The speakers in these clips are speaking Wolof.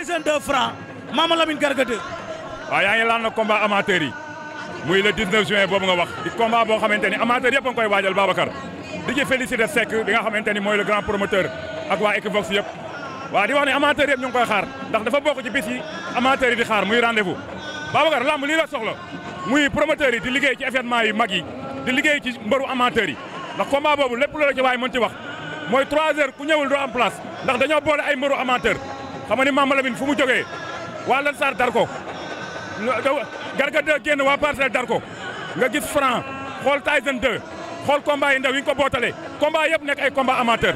Tyson 2 Franc Mama Lamine Garga 2 waaw yaa ngi laan na combat amateur yi muy le 19 juin boobu nga wax di combat boo xamante ni amateur yëpp a koy waajal Babacar di ci félicité Seck bi nga xamante ni mooy le grand promoteur ak waa Equivox yëpp waaw di wax ne amateur yëpp ñu ngi koy xaar ndax dafa bokk ci bis yi di xaar muy rendez-vous Babacar lamb lii la soxla muy promoteur yi di liggéey ci événement yu mag yi di liggéey ci mbaru amateur ndax combat boobu lépp loola ci waaye mën ci wax mooy 3 heures ku ñëwul doo am place ndax boole ay mbaru amateur xam nga ni Mama Lamine fu mu jógee waa Lan Sarr dar ko Garga 2 génn waa Parcelles dar ko nga gis Franc xool Tyson 2 xool combat yi ndaw yi nga ko bootale combat yëpp nekk ay combat amateur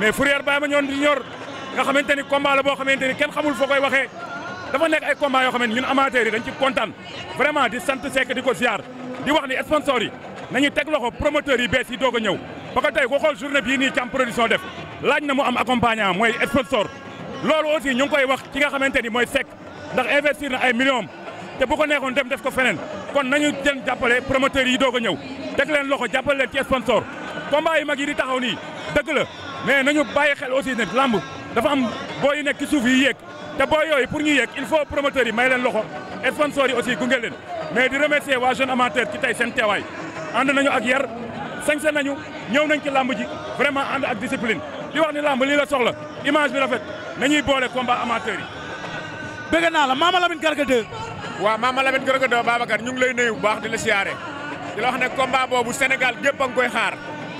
mais Fourrière Baye ma di ñor nga xamante ni combat la boo xamante ni kenn xamul foo koy waxee dafa nekk ay combat yoo xamante ñun amateurs yi dañ ci kontaan vraiment di sant Seck di ko ziar di wax ni sponsors yi nañu teg loxo promoteurs yi bees yi doog a ñëw ba ko tey ko xool journée bii nii cam production def laaj na mu am accompagnant mooy sponsor loolu aussi ñu ngi koy wax ki nga xamante ni mooy Seck ndax investir na ay millions te bu ko neexoon dem def ko feneen kon nañu jël jàppale promoteurs yi doog a ñëw teg leen loxo jàppale leen ci sponsor combat yi mag yi di taxaw nii dëgg la mais nañu bàyyi xel aussi ne lamb dafa am booy yu nekk ci suuf yi yéeg te booy yooyu pour ñu yéeg il faut promoteurs yi may leen loxo sponsors yi aussi gunge leen mais di remercier waa jeune amateur ci tey seen teewaay ànd nañu ak yar sañse nañu ñëw nañ ci lamb ji vraiment ànd ak discipline di wax ni lamb lii la soxla image bi rafet nañuy boole combat amateur yi. bëgg naa la Mama Lamine Garga 2. waaw Mama Lamine Garga 2 Babacar ñu ngi lay nuyu bu baax di la siyaare di la wax ne combat boobu Sénégal gépp a ngi koy xaar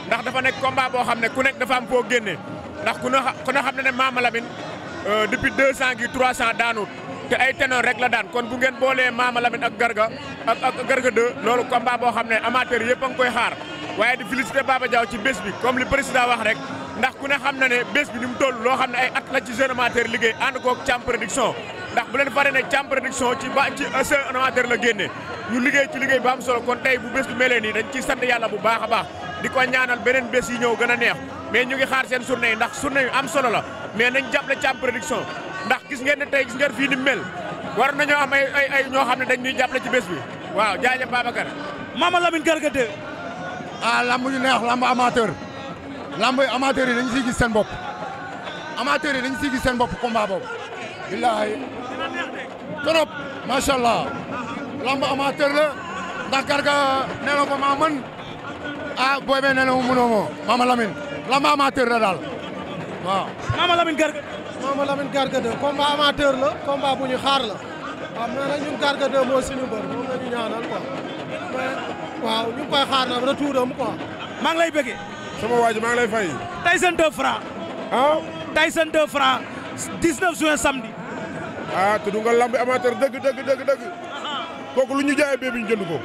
ndax dafa nekk combat boo xam ne ku nekk dafa am koo génne ndax ku ne xam ne ne Mama Lamine euh, depuis 200 gi 300 daanut te ay ténor rek la daan kon bu ngeen boolee Mama Lamine ak Garga ak ak Garga 2 loolu combat boo xam ne amateur yëpp a koy xaar waaye di féliciter Baba Diaw ci bés bi comme li président wax rek. ndax ku ne xam na ne bés bi ni mu toll loo xam ne ay at la ci jeune amateur liggéey ànd ko Thiam Production ndax bu leen faree ne Thiam Production ci ba ci jeune amateur la génne ñu liggéey ci liggéey ba am solo kon tey bu bés bi melee nii dañ ciy sant yàlla bu baax baax di ko ñaanal beneen bés yi ñëw gën a neex mais ñu ngi xaar seen journée yi ndax journée yu am solo la mais nañ jàppale Thiam Production ndax gis ngeen ne tey gis ngeen fii ni mel war nañoo am ay ay ay ñoo xam ne dañ ñuy jàppale ci bés bi waaw jaajëf Babacar. Mama Lamine Garga 2. ah lamb ñu neex lamb amateur lamb amateur yi dañ siy gis seen bopp amateur yi dañ siy gis seen bopp combat boobu billaahi trop macha allah lamb amateur la ndax Garga nee na ko maa mën ah, bee nee mu mënoo moo Mama Lamine lamb la daal waaw. Mama Garga. Mama Lamine Garga de combat amateur la combat bu ñu xaar la. waaw nee na ñun Garga de moo suñu bër moom la ñu ñaanal quoi waaw ñu koy xaar nag retour am quoi. maa ngi lay bëggee. sama waa ji maa ngi lay fay. Tyson 2 Franc. ah. Tyson 2 Franc 19 juin samedi. ah tudd nga lamb amateur dëgg dëgg dëgg dëgg. kooku lu ñu jaayee bee bi ñu jënd ko.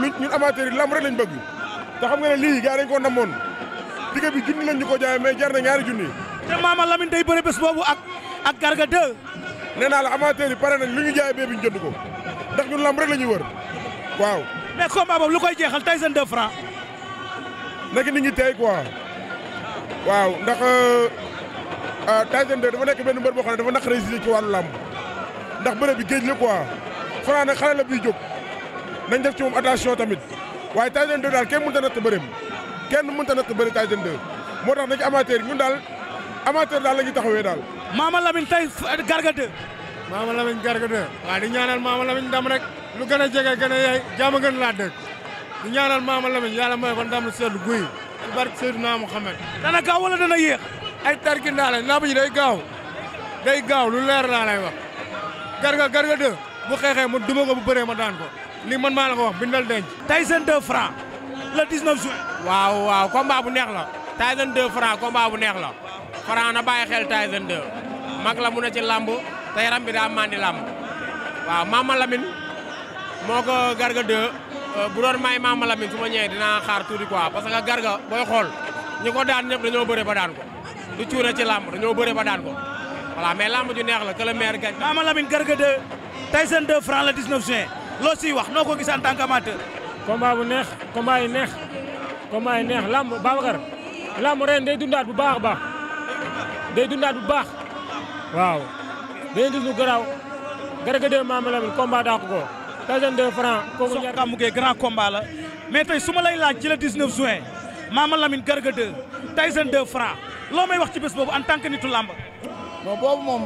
lu ñun amateur yi lamb rek lañ bëgg. te xam na ne lii gars dañ koo namoon. digga bi junni lañ ñu ko jaay mais jar na ñaari junni. te maama Lamine day bëre bés boobu ak ak Garga 2. naa la amateur yi pare nañ lu ñu jaayee bee bi ñu jënd ko. ndax ñun lamb rek la ñuy wër waaw. mais combat boobu lu koy jeexal Tyson 2 Franc. nekk nit ñi tey quoi waaw ndax euh, euh, Tyson 2 dafa nekk benn mbër boo xam ne dafa na si ci wàllu làmb ndax bëre bi géej la quoi Franc nag xale la buy jóg def ci moom attention tamit waaye Tyson 2 daal kenn mënut a natt bëreem kenn mun a natt bëri Tyson 2 moo tax dañu amateur ñun daal amateur daal la ñuy taxawee daal. Maama Lamine tey Garga 2. Maama Lamine Garga 2 waaw di ñaanal Maama Lamine ndam rek lu gën a jege gën a yaay jaama laa dëkk. ñu ñaanal Mama Lamine yàlla may ko ndam sedd guy barke Seydina Muhammad ga gaaw wala ay tarkindaa la lamb ji day gaaw day gaaw lu leer laa lay garga garga de bu xeexee ma duma ko bu bëree ma daan ko li man maa la ko wax denc Tyson 2 Franc le 19 juin waaw waaw combat bu neex la Tyson 2 Franc combat bu neex la Franc na xel Tyson 2 mag la mun a ci làmb te bi daa mandi waaw Mama Lamine garga de Euh, bu doon may Mama Lamine su ma ñëwee dinaa xaar tuuti quoi parce que Garga booy xool ñi ko daan ñëpp dañoo bëre ba daan ko du cuune ci làmb dañoo bëre ba daan ko voilà mais làmb ju neex la que le maire gagne. Mama Lamine Garga 2 Tyson 2 Franc le 19 loo siy wax noo ko gis en tant qu'amateur. combat bu neex combat yi neex combat yi neex làmb Babacar làmb ren day dundaat bu baax a baax day dundaat bu baax waaw dañuy gis lu garaaw Garga 2 Mama Lamine combat deux francs kooku sox Gamou Gueye grand combat la mais tey su ma lay laaj ci le 19 juin Mama Lamine Garga 2 Tyson 2 francs loo may wax ci bés boobu en tant que nitu làmb non boobu moom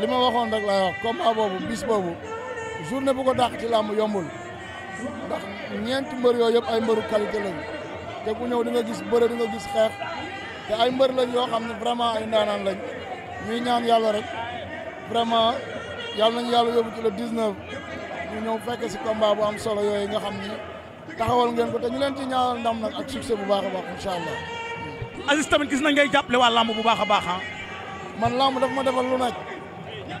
li ma waxoon rek laay wax combat boobu bis boobu journée bu ko dàq ci làmb yombul ndax ñeenti mbër yooyu yëpp ay mbëru qualité lañu te ku ñëw di nga gis bëre di nga gis xeex te ay mbër lañ yoo xam ne vraiment ay ndaanaan lañ ñuy ñaan yàlla rek vraiment yàlla nañu yàlla yóbbu ci le 19 ñu ñëw fekke si combat bu am solo yooyu nga xam ni taxawal ngeen ko te ñu leen ci ñaanal ndam nag ak succès bu baax a baax incha allah. Aziz tamit gis nañ ngay jàppale waa làmb bu baax a ah. man làmb daf lu nekk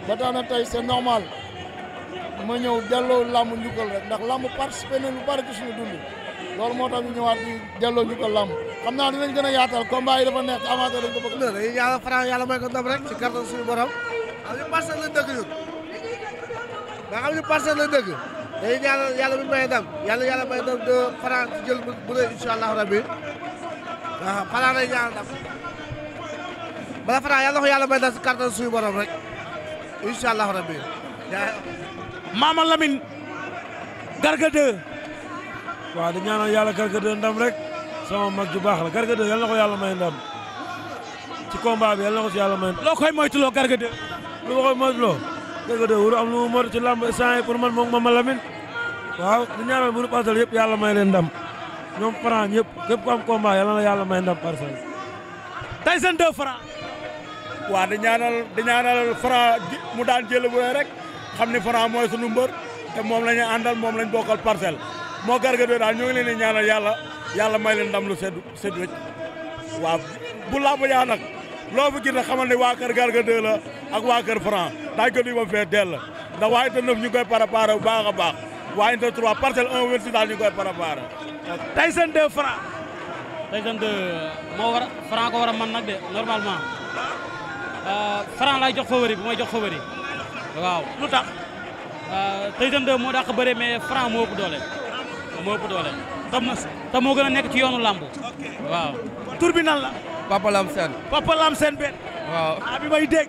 ba tax na tey c'est normal ma ñëw delloo làmb njukkal rek ndax làmb participé na lu bari ci suñu dund loolu moo tax ñu ñëwaat di delloo njukkal làmb xam naa dinañ gën a yaatal combat yi dafa nekk avancé ko bëgg. rek. ci kàttan suñu borom. ñu passé nga xam ne parcelle la dëgg day yàlla yàlla bu ñu may dam yàlla yàlla de Franc jël bu dee incha allahu rabi waaw Franc lay ñaan yàlla ko yàlla may si kàttan suñu borom rek incha allahu rabi. Mama Lamine. Garga di ñaanal yàlla Garga 2 rek sama mag ju baax la Garga 2 yàlla na ko yàlla may ndam ci combat bi ko si yàlla may. loo koy moytuloo Garga 2. lu ma koy moytuloo. dëgg de wuru am lu mu mën ci lamb instant yi pour man moom Mama Lamine waaw ñu ñaanal bu nu parcelle yëpp yàlla may leen ndam ñoom Franc ñëpp képp ku am combat yàlla na yàlla may ndam parcelle. Tyson 2 Franc. waa di ñaanal di ñaanal Franc mu daan jël bu rek xam ni Franc mooy sunu mbër te moom la ñuy àndal moom la ñu bokkal moo garga doo daal ñoo ngi ñaanal yàlla yàlla may leen ndam lu sedd sedd wëcc waaw bu yaa nag. loo fi gis na xamal ne waa kër Garga 2 la ak waa kër Franc daañu ko di ba fee dell ndax waa unité 9 ñu ngi koy préparé bu baax a baax waa unité 3 parcelle 1 26 daal ñu ngi koy préparé. Tyson 2 Franc. Tyson 2 moo war a Franc ko war a mën nag de normalement euh, Franc lay jox favori bu may jox favori waaw lu tax. Euh, Tyson 2 moo dàq bëre mais Franc moo ëpp doole moo ëpp doole. te moo gën a nekk ci yoonu làmb waaw. Papa Lam Sène. Papa Lam Sène benn. waaw ah bi may dégg.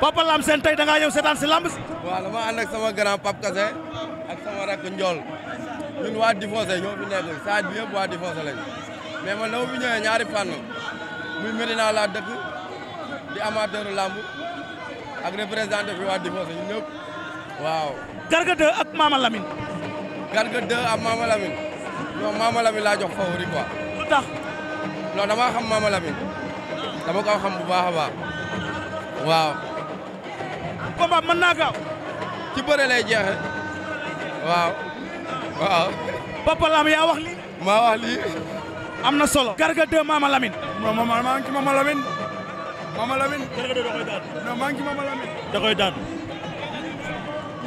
Papa Lam Sène tey da ngaa seetaan si lamb si. waaw dama ànd ak sama grand Pape Kase ak sama rakk Ndiol ñun waa Difoncé ñoo fi saaj bi yëpp waa Difoncé lañ mais man dama fi ñëwee ñaari fànn muy Medina laa dëkk di amateuru lamb ak représenté fi waa Difoncé ñun ñëpp waaw. Garga 2 ak Mama Lamine. Garga 2 ak Mama Lamine. non Mama Lamine laa jox favori quoi. lu xam Mama Lamine. dama xam bu baax a baax. waaw. combat mën naa gaaw. ci bëre jeexe waaw. waaw. Papa yaa wax lii. maa wax lii. am na solo. Garga 2 Mama Lamine. non Mama maa ngi ci Mama Lamine.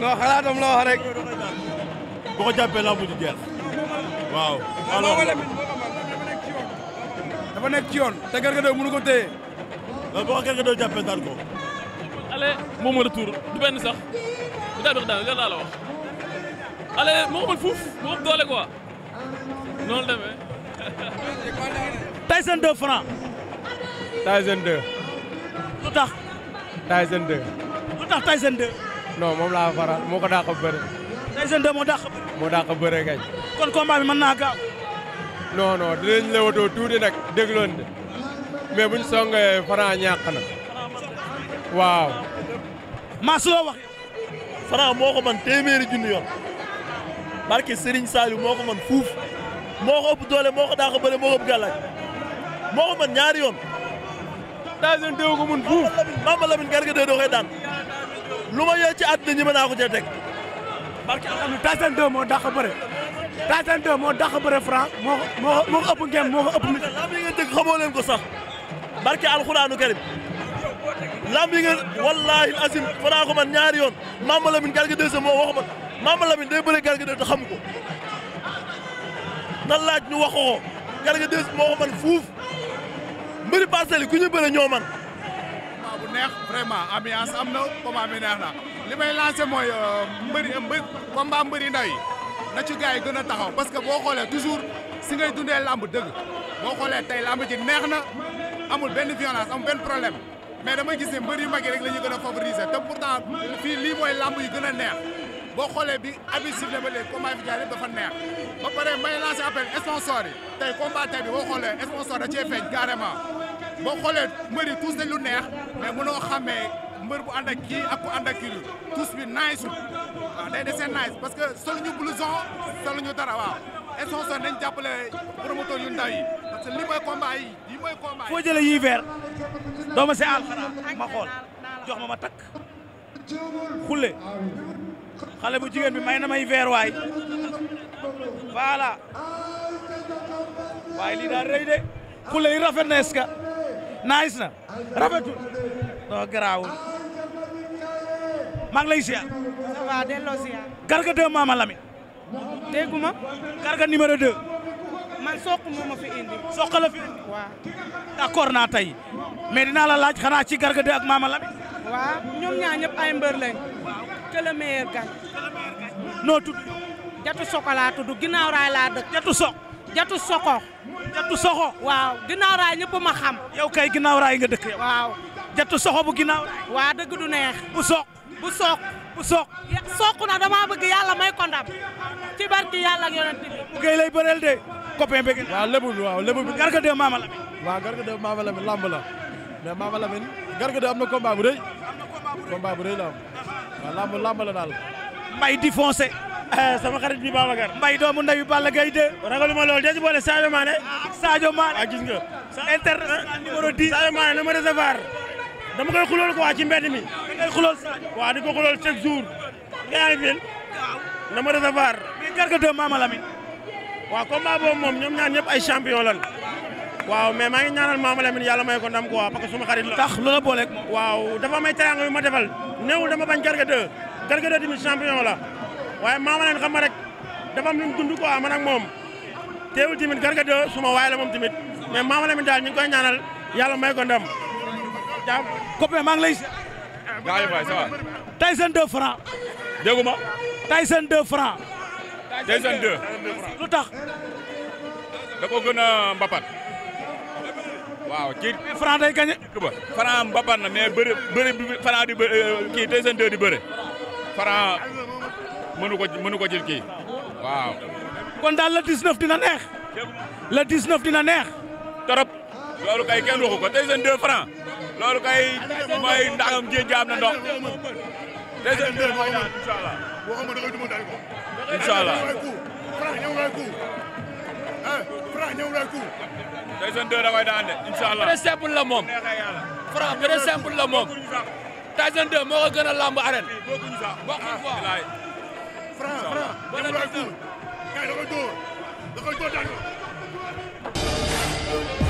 la wax rek. boo ko jàppee laa mujj waaw alors dafa nekk ci yoon. te Garga 2 mënu ko téye. loolu boo ko Garga 2 jàppee daan ko. ale moom retour du benn sax bu daal di daal lan laa la wax. ale moo ko mën fuuf moo ko doole quoi noonu la demee. Tyson 2 Franc. Tyson 2. lu tax. Tyson 2. lu tax Tyson 2. non moom laa faral moo ko daa ko bëri. Tyson 2 moo dàq moo dàq bëre kay. kon combat bi mën naa gaaw. non non dinañ la wotoo tuuti nag dégloon de mais buñ songee Franc ñàkk na waaw. maa su loo moo ko man téeméeri junni barke Serigne Saliou moo ko man fuuf moo ko ëpp doole moo ko dàq bëre moo ëpp gàllaaj moo ko man ñaari yoon. Tyson 2 ko mun fuuf. Mama Lamine Garga 2 doo koy daan lu ma yor ci àddina ñi naa ko cee parce que alhamdulilah Tyson 2 moo dàq bëre Tyson 2 moo dàq bëre Franc moo moo moo ko ëpp ngeen moo ko ëpp nit. lamb yi ngeen ko sax barke alxuraanu karim lamb wallaahi asim Franc man ñaari yoon Mama Lamine Garga 2 moo waxu man Mama Lamine day bëre Garga 2 te xam ko na laaj ñu waxoo ko Garga 2 moo ko man fuuf mbiri parcelles yi ku ñu bëre ñoo man. vraiment ambiance li may lancé mooy euh, mbëri mbë combat mbëri ndaw yi na ci gars yi gën a taxaw parce que boo xoolee toujours si ngay dundee làmb dëgg boo xoolee tey làmb ji neex na amul benn violence amul benn problème mais dama gis ne mbër yu mag yi rek la ñu gën a favoriser te pourtant fii lii mooy làmb yu gën a neex boo xoolee bi abi sifle ba léegi combat fi jaay yëpp dafa neex ba pare may lancé appel sponsor yi tey combat tey bi boo xoolee sponsor da cee feeñ carrément boo xoolee mbëri tous dañ lu neex mais mënoo mbër bu ànd ak kii ak ku ànd ak kii bi nice waaw day desee nice parce que solu ñu blouson solu ñu dara waaw sponsor dañ jàppale promoteur yu ndaw yi parce que li mooy combat yi li mooy combat yi foo jëlee yii verre ma xool jox ma ma takk xulle xale bu jigéen bi may na may verre waay voilà waaye lii daal rëy de xulle yi rafet na est-ce que nice na non garaawul. maa ngi lay ziar. ça va delloo ziar. Garga 2 Mama Lamine. man soq moo ma fi indi. soq la fi indi. naa tey mais dinaa la laaj xanaa ci Garga 2 ak Mama Lamine. ñoom ñaar ñëpp ay mbër lañ. waaw que le noo tudd. jatu soq laa tudd ginnaaw raay laa dëkk. jatu soq. jatu soqo. jatu soqo. waaw ginnaaw raay ñëpp ma xam. yow kay ginnaaw raay nga dëkk yow. waaw. jattu soxo bu ginnaaw. waa dëgg du neex. bu soq bu soq. bu soq. soq na damaa bëgg yàlla may ko ndam ci barki yàlla ak yonent bi. bu gay lay bëreel de copain bëgg na. waaw lébu bi Garga de Mama Lamine. waaw Garga de Mama Lamine lamb la mais Mama Lamine Garga de am na combat daal. mbay di foncé. Eh, sama xarit bi Babacar. mbay doomu ndeyu Balla Gaye de. ragaluma loolu de ci boole Sadio Mané. Sadio Mané. ah gis nga. international dama koy xulool quoi ci mbedd mi. da ngay xulool Sadio. waaw di ko xulool chaque jour. nga yaa ngi fi dama recevoir. mais Garga 2 Mama Lamine. waaw combat moom ñoom ñaar ñëpp ay champion lan waaw mais maa ngi ñaanal Mama Lamine yàlla may ko ndam quoi parce que suma xarit la. tax loola booleeg. waaw dafa may ma defal. néewul dama bañ Garga 2. Garga 2 tamit champion la waaye Mama Lamine xam nga rek dafa am lu mu dund moom teewul tamit Garga 2 suma waay la moom tamit mais ñu ngi yàlla may jàmm. copain maa ngi lay. yaa ngi fay ça va. Tyson 2 francs. déggu ma. Tyson 2 ko gën a mbapat. waaw kii. franc day gagné. franc mbapat na mais bëri bëri bi di euh, kii Tyson 2 di bëri. franc mënu ko mënu ko jël kii waaw. kon daal la 19 dina neex. la 19 dina neex. torop loolu kay kenn waxu ko Tyson 2 franc. loolu kay mooy ndaxam géej gi am na ndox. te seen mbir mooy daan incha allah. waxuma da ngay duma daan ko. incha allah Franc ñëw ngay ku. Franc ñëw ngay ku. te eh, seen deux da koy daan de incha allah. très simple la moom. Franc très simple la moom. Tyson 2 moo ko gën a lamb arène. bokkuñu sax bokkuñu quoi. Franc Franc ñëw ngay ku. kay da koy dóor da koy dóor daan ko.